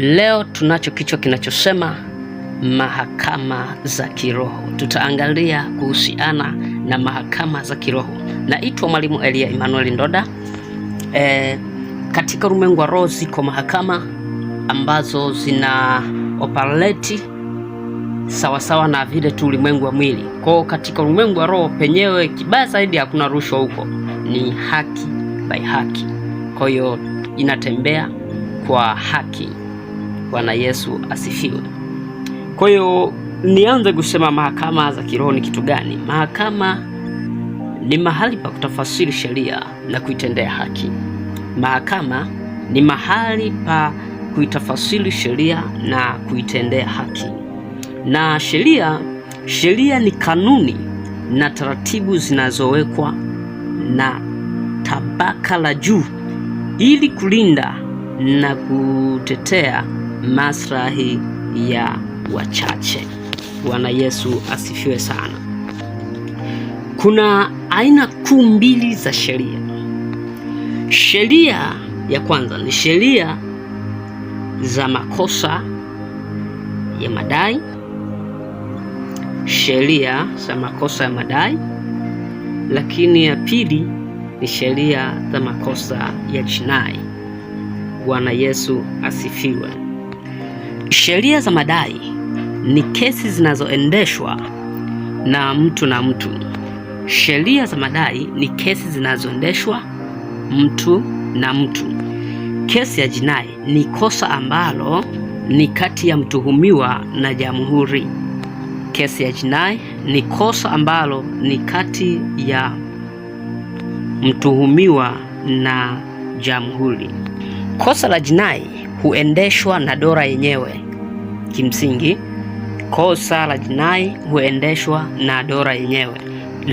Leo tunacho kichwa kinachosema mahakama za kiroho. Tutaangalia kuhusiana na mahakama za kiroho. Naitwa Mwalimu Elia Emmanuel Ndoda. E, katika ulimwengu wa roho ziko mahakama ambazo zina operate sawasawa na vile tu ulimwengu wa mwili. Kwao katika ulimwengu wa roho penyewe kibaya zaidi hakuna rushwa, huko ni haki by haki, kwa hiyo inatembea kwa haki. Bwana Yesu asifiwe. Kwa hiyo nianze kusema mahakama za kiroho ni kitu gani? Mahakama ni mahali pa kutafasiri sheria na kuitendea haki. Mahakama ni mahali pa kuitafasiri sheria na kuitendea haki. Na sheria, sheria ni kanuni na taratibu zinazowekwa na tabaka la juu ili kulinda na kutetea maslahi ya wachache. Bwana Yesu asifiwe sana. Kuna aina kuu mbili za sheria. Sheria ya kwanza ni sheria za makosa ya madai, sheria za makosa ya madai, lakini ya pili ni sheria za makosa ya jinai. Bwana Yesu asifiwe. Sheria za madai ni kesi zinazoendeshwa na mtu na mtu. Sheria za madai ni kesi zinazoendeshwa mtu na mtu. Kesi ya jinai ni kosa ambalo ni kati ya mtuhumiwa na jamhuri. Kesi ya jinai ni kosa ambalo ni kati ya mtuhumiwa na jamhuri. Kosa la jinai huendeshwa na dola yenyewe. Kimsingi, kosa la jinai huendeshwa na dola yenyewe.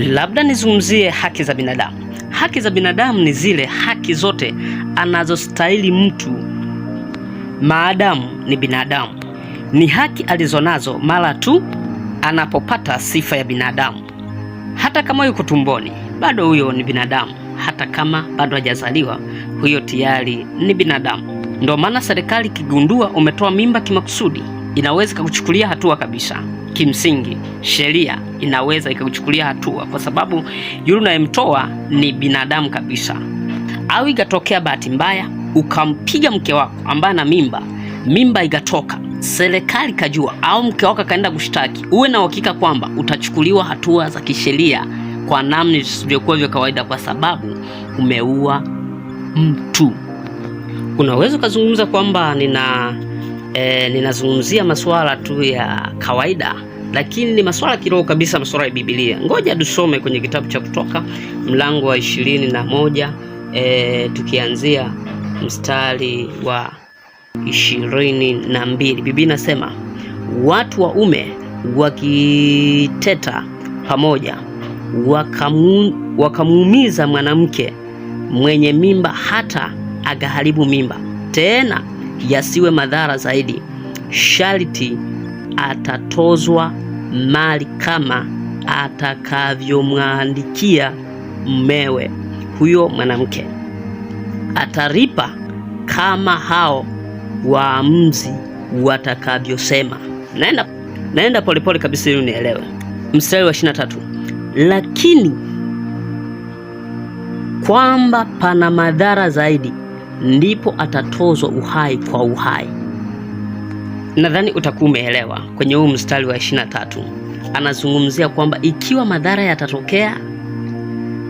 Labda nizungumzie haki za binadamu. Haki za binadamu ni zile haki zote anazostahili mtu maadamu ni binadamu. Ni haki alizonazo mara tu anapopata sifa ya binadamu. Hata kama yuko tumboni, bado huyo ni binadamu. Hata kama bado hajazaliwa, huyo tayari ni binadamu. Ndio maana serikali ikigundua umetoa mimba kimakusudi inaweza ikakuchukulia hatua kabisa. Kimsingi sheria inaweza ikakuchukulia hatua, kwa sababu yule unayemtoa ni binadamu kabisa. Au ikatokea bahati mbaya ukampiga mke wako ambaye ana mimba, mimba ikatoka, serikali kajua, au mke wako akaenda kushtaki, uwe na uhakika kwamba utachukuliwa hatua za kisheria kwa namna visivyokuwa vya kawaida, kwa sababu umeua mtu unaweza ukazungumza kwamba nina e, ninazungumzia masuala tu ya kawaida lakini ni masuala kiroho kabisa, masuala ya Biblia. Ngoja tusome kwenye kitabu cha Kutoka mlango wa ishirini na moja e, tukianzia mstari wa ishirini na mbili Biblia inasema watu waume wakiteta pamoja wakamuumiza mwanamke mwenye mimba hata akaharibu mimba. Tena yasiwe madhara zaidi, sharti atatozwa mali kama atakavyomwandikia mmewe huyo mwanamke. Atalipa kama hao waamuzi watakavyosema. Naenda naenda polepole kabisa ili unielewe. Mstari wa 23, lakini kwamba pana madhara zaidi ndipo atatozwa uhai kwa uhai. Nadhani utakuwa umeelewa kwenye huu mstari wa 23. Anazungumzia kwamba ikiwa madhara yatatokea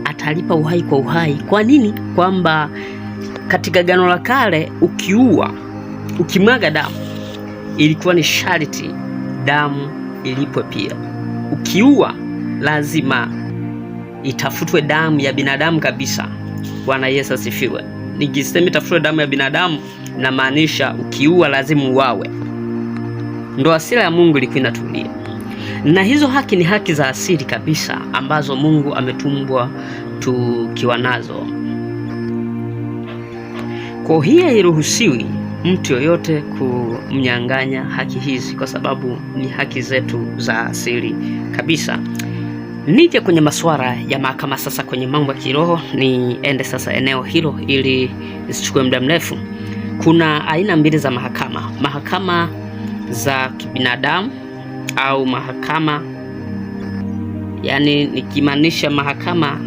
atalipa uhai kwa uhai. Kwa nini? Kwamba katika gano la Kale ukiua, ukimwaga damu ilikuwa ni sharti damu ilipwe pia. Ukiua lazima itafutwe damu ya binadamu kabisa. Bwana Yesu asifiwe nikisema tafuta damu ya binadamu, namaanisha ukiua lazima uwawe. Ndo asira ya Mungu ilikuwa inatulia, na hizo haki ni haki za asili kabisa ambazo Mungu ametumbwa tukiwa nazo. Kwa hiyo hairuhusiwi mtu yoyote kumnyang'anya haki hizi, kwa sababu ni haki zetu za asili kabisa. Nije kwenye masuala ya mahakama sasa, kwenye mambo ya kiroho, niende sasa eneo hilo ili isichukue muda mrefu. Kuna aina mbili za mahakama, mahakama za kibinadamu au mahakama yani, nikimaanisha mahakama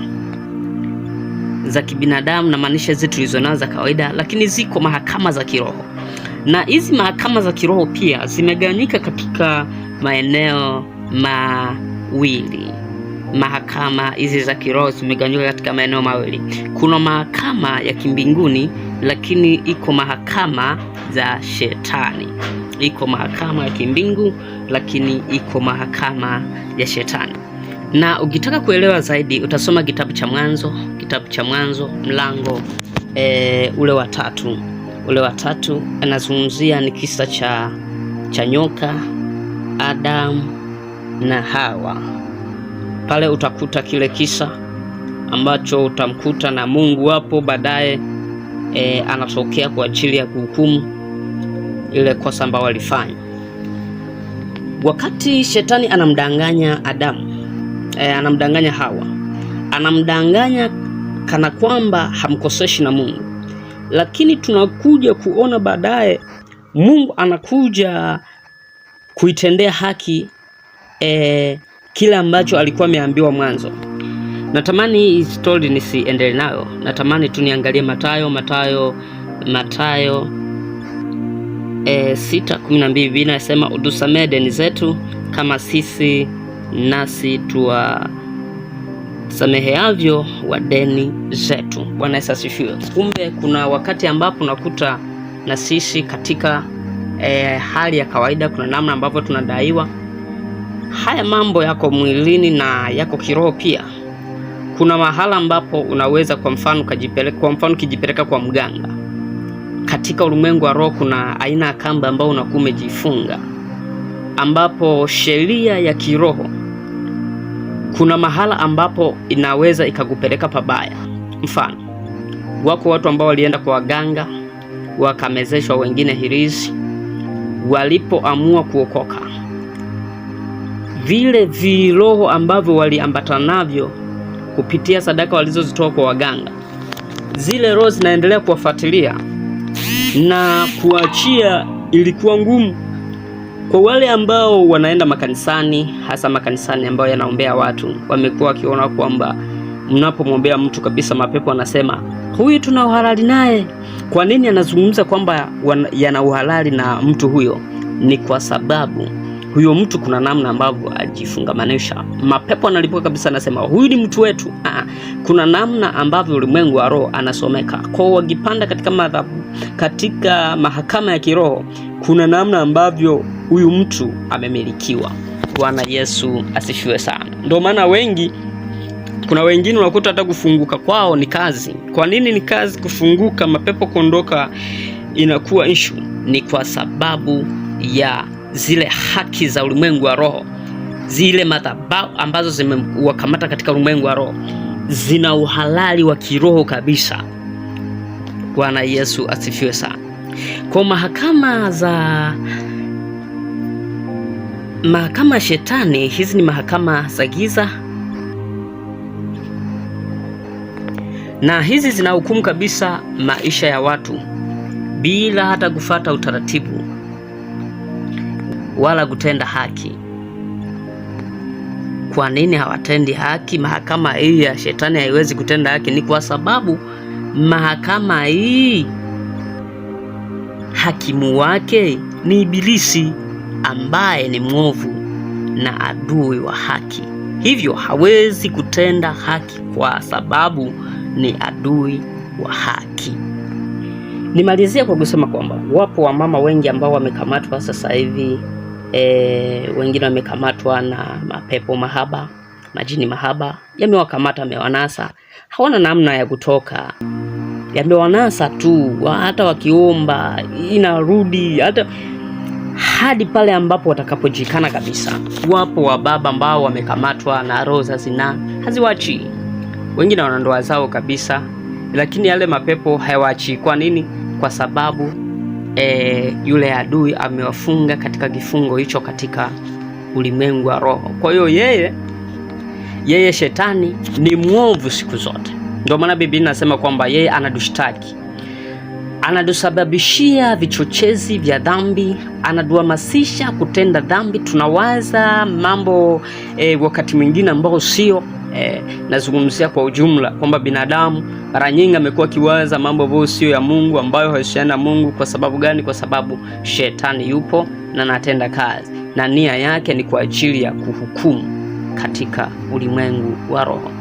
za kibinadamu namaanisha hizi tulizonazo za kawaida, lakini ziko mahakama za kiroho, na hizi mahakama za kiroho pia zimegawanyika katika maeneo mawili mahakama hizi za kiroho zimegawanyika katika maeneo mawili. Kuna mahakama ya kimbinguni, lakini iko mahakama za shetani. Iko mahakama ya kimbingu, lakini iko mahakama ya shetani. Na ukitaka kuelewa zaidi, utasoma kitabu cha Mwanzo, kitabu cha Mwanzo mlango e, ule wa tatu, ule wa tatu anazungumzia ni kisa cha cha nyoka, Adamu na Hawa pale utakuta kile kisa ambacho utamkuta na Mungu hapo baadaye, e, anatokea kwa ajili ya kuhukumu ile kosa ambayo alifanya. Wakati shetani anamdanganya Adamu, e, anamdanganya Hawa, anamdanganya kana kwamba hamkoseshi na Mungu, lakini tunakuja kuona baadaye Mungu anakuja kuitendea haki e, kile ambacho alikuwa ameambiwa mwanzo. Natamani hii story nisiendelee nayo, natamani tu niangalie Mathayo, Mathayo, Mathayo e, sita kumi inasema utusamee deni zetu kama sisi nasi tuwa sameheavyo wa deni zetu. Bwana Yesu asifiwe. Kumbe kuna wakati ambapo unakuta na sisi katika e, hali ya kawaida, kuna namna ambavyo tunadaiwa haya mambo yako mwilini na yako kiroho pia. Kuna mahala ambapo unaweza kwa mfano kujipeleka, kwa mfano kijipeleka kwa mganga. Katika ulimwengu wa roho kuna aina ya kamba ambayo unakuwa umejifunga, ambapo sheria ya kiroho kuna mahala ambapo inaweza ikakupeleka pabaya. Mfano, wako watu ambao walienda kwa waganga wakamezeshwa, wengine hirizi, walipoamua kuokoka vile viroho ambavyo waliambatana navyo kupitia sadaka walizozitoa kwa waganga, zile roho zinaendelea kuwafuatilia na kuachia. Ilikuwa ngumu kwa wale ambao wanaenda makanisani, hasa makanisani ambayo yanaombea watu. Wamekuwa wakiona kwamba mnapomwombea mtu kabisa, mapepo anasema huyu tuna uhalali naye. Kwa nini anazungumza kwamba yana uhalali na mtu huyo? Ni kwa sababu huyo mtu kuna namna ambavyo ajifungamanisha. Mapepo analipuka kabisa, anasema huyu ni mtu wetu. Aa, ah, ah. kuna namna ambavyo ulimwengu wa roho anasomeka kwao, wakipanda katika madhabu, katika mahakama ya kiroho, kuna namna ambavyo huyu mtu amemilikiwa. Bwana Yesu asifiwe sana. Ndio maana wengi kuna wengine unakuta hata kufunguka kwao ni kazi. Kwa nini ni kazi kufunguka? Mapepo kuondoka inakuwa issue, ni kwa sababu ya zile haki za ulimwengu wa roho, zile madhabahu ambazo zimewakamata katika ulimwengu wa roho zina uhalali wa kiroho kabisa. Bwana Yesu asifiwe sana. Kwa mahakama za mahakama ya shetani, hizi ni mahakama za giza, na hizi zinahukumu kabisa maisha ya watu bila hata kufata utaratibu wala kutenda haki. Kwa nini hawatendi haki? Mahakama hii ya shetani haiwezi kutenda haki, ni kwa sababu mahakama hii hakimu wake ni Ibilisi ambaye ni mwovu na adui wa haki, hivyo hawezi kutenda haki kwa sababu ni adui wa haki. Nimalizia kwa kusema kwamba wapo wamama wengi ambao wamekamatwa sasa hivi e, wengine wamekamatwa na mapepo mahaba, majini mahaba, yamewakamata amewanasa, hawana namna ya kutoka, yamewanasa tu, hata wakiomba inarudi hata hadi pale ambapo watakapojikana kabisa. Wapo wa baba ambao wamekamatwa na roho za zinaa haziwachi, wengine wana ndoa zao kabisa, lakini yale mapepo hayawachi. Kwa nini? Kwa sababu e, yule adui amewafunga katika kifungo hicho katika ulimwengu wa roho. Kwa hiyo yeye yeye shetani ni mwovu siku zote. Ndio maana Biblia inasema kwamba yeye anadushtaki, anatusababishia vichochezi vya dhambi, anaduhamasisha kutenda dhambi. Tunawaza mambo e, wakati mwingine ambao sio eh, nazungumzia kwa ujumla kwamba binadamu mara nyingi amekuwa akiwaza mambo ambayo sio ya Mungu, ambayo haishiana na Mungu. Kwa sababu gani? Kwa sababu shetani yupo na anatenda kazi, na nia yake ni kwa ajili ya kuhukumu katika ulimwengu wa roho.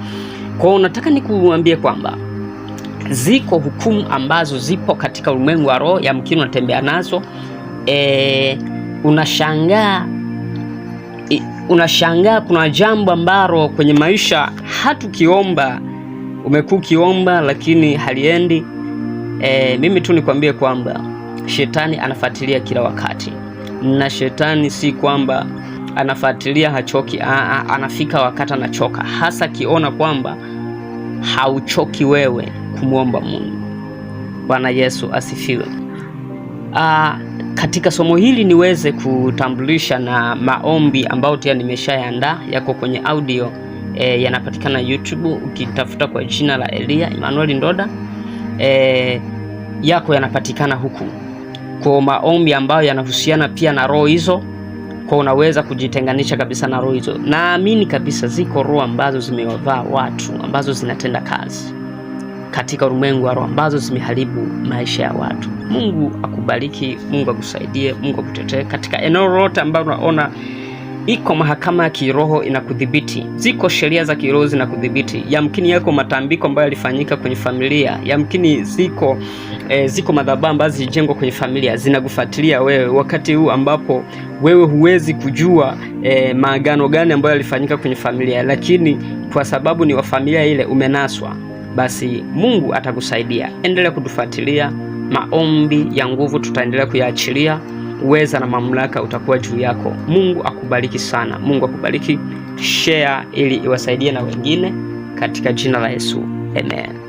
Kwa hiyo nataka nikuambie kwamba ziko hukumu ambazo zipo katika ulimwengu wa roho, yamkini unatembea nazo, eh, unashangaa unashangaa kuna jambo ambalo kwenye maisha hatukiomba umekuwa ukiomba lakini haliendi. E, mimi tu nikwambie kwamba shetani anafuatilia kila wakati, na shetani si kwamba anafuatilia hachoki. a, anafika wakati anachoka, hasa akiona kwamba hauchoki wewe kumwomba Mungu. Bwana Yesu asifiwe. Uh, katika somo hili niweze kutambulisha na maombi ambayo tayari nimeshayaandaa yako kwenye audio e, yanapatikana YouTube ukitafuta kwa jina la Elia Emmanuel Ndoda e, yako yanapatikana huku kwa maombi ambayo yanahusiana pia na roho hizo, kwa unaweza kujitenganisha kabisa na roho hizo. Naamini kabisa ziko roho ambazo zimewavaa watu ambazo zinatenda kazi katika ulimwengu wa roho ambazo zimeharibu maisha ya watu. Mungu akubariki, Mungu akusaidie, Mungu akutetee katika eneo lolote ambalo unaona iko mahakama ya kiroho inakudhibiti, ziko sheria za kiroho zinakudhibiti. Yamkini yako matambiko ambayo yalifanyika kwenye familia, yamkini ziko eh, ziko madhabahu ambazo zilijengwa kwenye familia zinakufuatilia wewe wakati huu ambapo wewe huwezi kujua eh, maagano gani ambayo yalifanyika kwenye familia, lakini kwa sababu ni wa familia ile umenaswa basi Mungu atakusaidia. Endelea kutufuatilia. Maombi ya nguvu tutaendelea kuyaachilia. Uweza na mamlaka utakuwa juu yako. Mungu akubariki sana. Mungu akubariki. Share ili iwasaidie na wengine katika jina la Yesu. Amen.